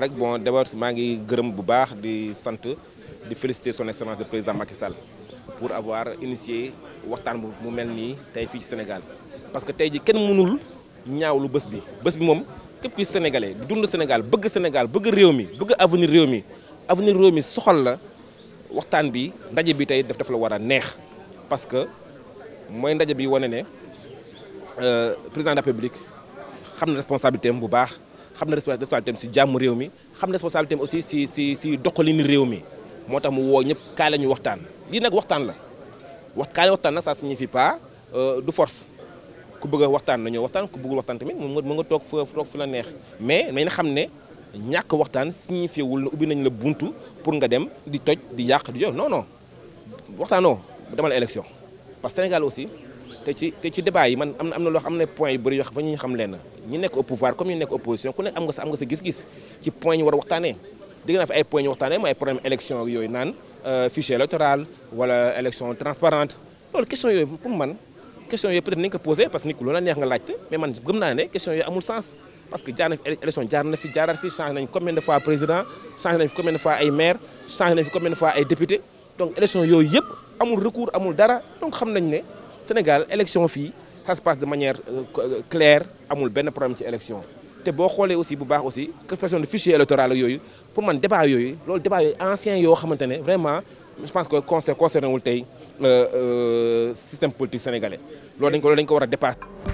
rek bon d'abord maa ngi gërëm bu baax di sant di féliciter son excellence le président Macky Sall pour avoir initié waxtaan bu mu mel nii tey fii ci Sénégal parce que tey ji kenn mënul ñaaw lu bés bi bés bi moom képp kuy sénégalais dund Sénégal bëgg Sénégal bëgg réew mi bëgg avenir réew mi avenir réew mi soxal la waxtaan bi ndaje bi tey daf daf la war a neex parce que mooy ndaje bi wane ne Euh, président de la République xam na responsabilité am bu baax xam na responsabilité am si jàmm réew mi xam na responsabilité aussi si si si doxalin réew mi moo tax mu woo ñëpp kaay la ñu waxtaan lii nag waxtaan la wax kaay la waxtaan nag ça signifie pas euh, du force ku bëgg a waxtaan nañoo waxtaan ku bëggul waxtaan tamit mën nga mën nga toog fa toog fu la neex mais nañ xam ne ñàkk waxtaan signifié wul na ubbi nañ la buntu pour nga dem di toj di yàq di jox noonoo non waxtaanoo demal élection parce Sénégal aussi. te ci te ci débat yi man am na loo xam ne point yu bëri xam fa ñi nekk au comme ñu nekk opposition ku nekk am nga sa am nga sa gis-gis ci point ñu war a waxtaanee dégg naa fi ay point ñu waxtaanee mooy ay problème élection yooyu naan euh, fichier électoral wala élection transparente loolu question yooyu pour man question yooyu peut-être nañ ko posé parce que nit loolu la neex nga laajte mais man gëm naa ne question yooyu amul sens parce que jaar na fi élection jaar na fi jaaraat fi changé nañ combien de fois président changé nañ fi combien de fois ay maire changé nañ ne Sénégal élection fi ça se passe de manière euh, euh, claire amul benn problème ci élection te boo xoolee aussi bu baax aussi question de fichier électoral yooyu pour man débat yooyu loolu débat yooyu ancien yoo xamante ne vraiment je pense que concerné concerné wul tey euh, système politique sénégalais loolu dañ ko loolu dañ ko war a dépasser